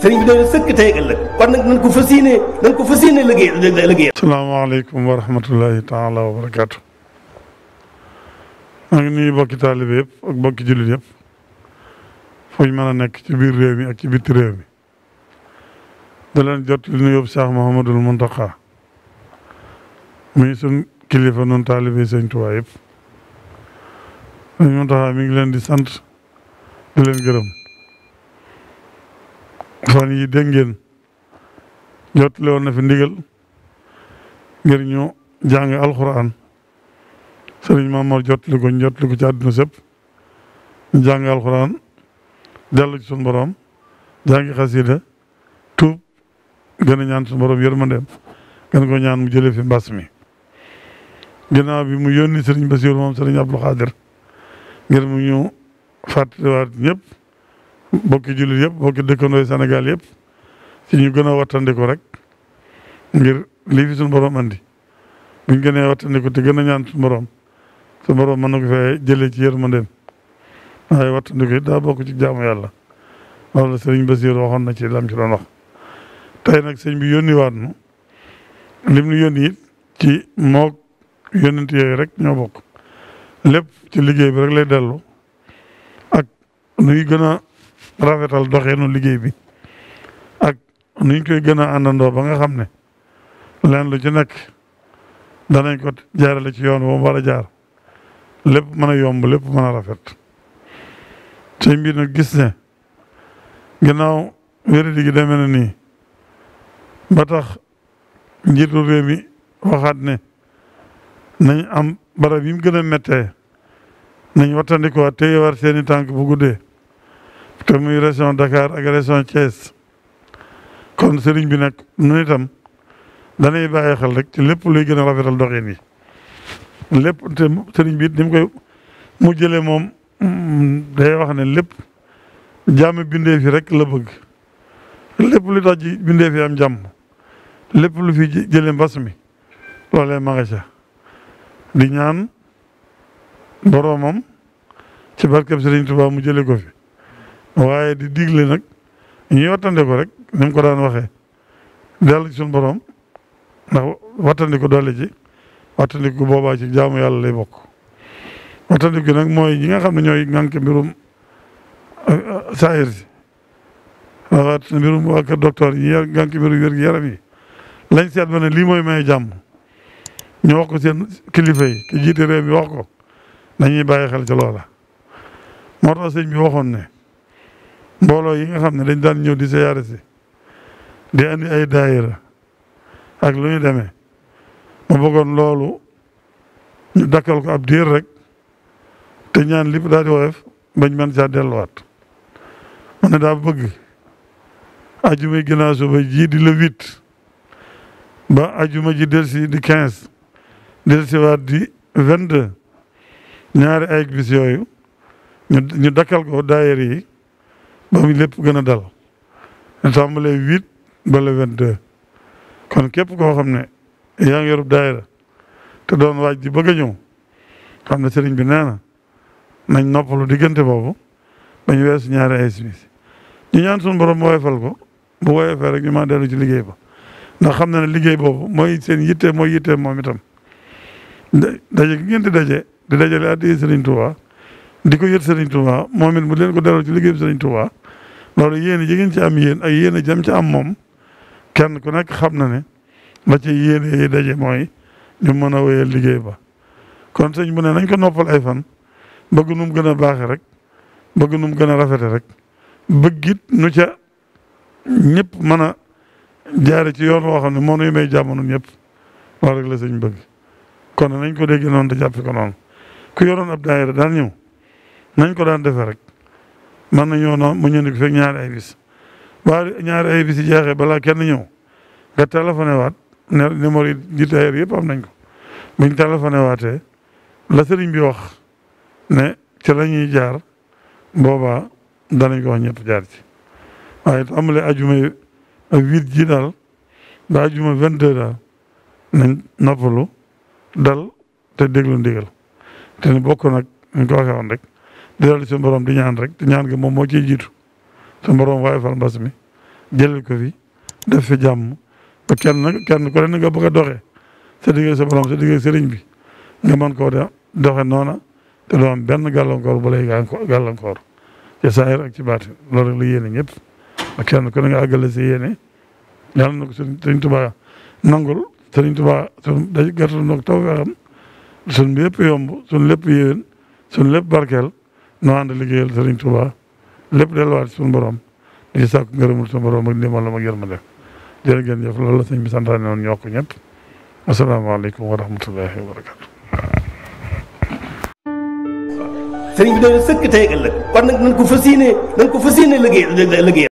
sëriñ bi doon sëkk tey ak ëllëg kon nag nañ ko fas yéene nañ ko fas yéene liggéey liggéey. salaamaaleykum wa rahmatullahi taala wa barakaatu. maa ngi nuyu bokki taalibe yëpp ak bokki jullit yëpp fu ñu mën a nekk ci biir réew mi ak ci bitti réew mi. da leen jot li ñu yóbbu Cheikh Mouhamadul Mountakha muy sun kilifa nun taalibe sëñ Tuubaa yëpp. Mountakha mi ngi leen di sant di leen gërëm. fan yi dégg ngeen jottali woon fi ndigal ngir ñu jàng alxuraan sëriñ Mamor jottali ko ñu jottali ko ci àdduna sëpp ñu jàng alxuraan dellu ci sunu borom jàng xasida tuub gën a ñaan sunu borom yërmandeem gën ko ñaan mu jëlee fi mbas mi. ginnaaw bi mu yónni sëriñ Basiru moom sëriñ Abdou Khadir ngir mu ñu fàttaliwaat ñëpp. bokki jullit yëpp bokki dëkkandoo Sénégal yëpp ci ñu gën a wattandiku rek ngir lii fi suñu borom andi buñ gënee wattandiku te gën a ñaan suñu borom suñu borom mën na ko fee jëlee ci yërmandeem waaye wattandiku it bokk ci jaamu yàlla loolu sëriñ Basiir waxoon ci lam ci doon nag sëñ bi yónni waat nu lim nu ci mook yónnent yooyu rek ñoo bokk lépp ci liggéey bi rek lay dellu ak nuy gën rafetal doxeenu liggéey bi ak nuñ koy gën a àndandoo ba nga xam ne leen lu ci nekk danañ ko jaarale ci yoon boobu war a jaar lépp mën a yomb lépp mën a rafet te mbir nag gis ne ginnaaw wéradi gi demee na nii ba tax njiitu réew mi waxaat ne nañ am barab yi mu gën a méttee nañ wattandikoo téye war seeni tànk bu guddee te muy région Dakar ak région kon sëriñ bi nag ñun itam danay bàyyi xel rek ci lépp luy gën a rafetal doxin yi lépp te sëriñ bi ni mu koy mu jëlee moom day wax ne lépp jàmm bindee fi rek la bëgg lépp lu tax ji bindee fi am jàmm lépp lu fi jële mbas mi loolee ma di ñaan moom ci barkeb sëriñ Tuubaa mu jëlee ko fi waaye di digle nag ñuy wattande rek ni mu ko daan waxe dellu ci suñu borom ndax wattandi ko dolli ji wattandi ko boobaa ci jaamu yàlla lay bokk wattandi ko nag mooy ñi nga xam ne ñooy ŋànk mbirum saayir si waxaat mbirum waa kër docteur yi ñi ŋànk mbirum wér gi yaram yi lañ seet ba ne lii mooy may jàmm ñu wax ko kilifa yi ki jiite réew mi wax ko nañuy bàyyi xel ci loola moo tax sëñ bi waxoon ne mbooloo yi nga xam ne dañ daan ñëw di siyaare si di andi ay daayira ak lu ñu demee ma bëggoon loolu ñu dakkal ko ab diir rek te ñaan lépp daal di woyof bañ mën caa delluwaat mu ne daa bëgg aju ajuma ginnaaw suba jii di le ba aju ma ji delsi di quinze delsi waat di vingt deux ñaari ay bis ñu dakkal ko daayira yi ba mu lépp gën a dal ñu tàmbalee huit ba le vingt deux kon képp koo xam ne yaa ngi yorub daayira te doon waaj di bëgg a ñëw xam ne sëriñ bi nee na nañ noppalu diggante boobu bañ weesu ñaari ay simis ñu ñaan suñu borom woyofal ko bu woyofee rek ñu ma dellu ci liggéey ba ndax xam na ne liggéey boobu mooy seen yitte mooy yitte moom itam daje gi ngeen di daje di dajale addi sëriñ Tuubaa di ko yët Serigne Touba moom it mu leen ko delloo ci liggéey bi Serigne Touba loolu yéen ji ngeen ci am yéen ak yéen a jëm ci am moom kenn ku nekk xam na ne la ci yéen yi daje mooy ñu mën a wéyal liggéey ba kon sëñ bu ne nañ ko noppal ay fan bëgg nu mu gën a baaxe rek bëgg nu mu gën a rafete rek git nu ca ñëpp mën a jaare ci yoon woo xam ne moo nuy may jàmmono ñëpp loolu rek la sëñ bëgg kon nañ ko dégg noonu te jàppe ko noonu ku yoroon ab daayira daan ñëw nañ ko daan defee rek man nañoo no mu ñëw fekk ñaari ay bis ba ñaari ay bis yi jeexee balaa kenn ñëw nga téléphoné waat ne numéro yi di yëpp am nañ ko biñ téléphoné waatee la sëriñ bi wax ne ci jaar boobaa danañ ko wax ñëpp jaar ci waaye amule ajuma huit ji daal ba ajuma vingt deux daal nañ noppalu dal te déglu ndigal te ni bokk nag ñu ko waxee woon rek dellu suñu borom di ñaan rek di ñaan nga moom moo ciy jiitu suñu borom waaye fal mbas mi jëlal ko fi def fi jàmm ba kenn nag kenn ku ne nga a doxee sa digg sa borom sa digg sëriñ bi nga mën koo doxe noona te doo am benn gàllankoor bu lay gàllankoor ci saahir ak ci baat loolu rek la ñëpp ba kenn ku ne nga àggale sa yéene yàlla na ko sëriñ Tuubaa nangul sëriñ Tuubaa sun day gàttal ndoog taw feexam sun bi yëpp yomb sun lépp yéwén sun lépp barkeel nu ànd liggéeyal Sëriñ Tuubaa lépp delluwaat suñu borom di sàkk ngërëmul suñu borom ak ndimbalam ak yërmande jërë ngeen jëf loolu la sëñ bi santaane woon ñoo ko ñëpp asalaamaaleykum wa rahmatullahi wa barakatu sëriñ bi dana sëkk tey ëllëg kon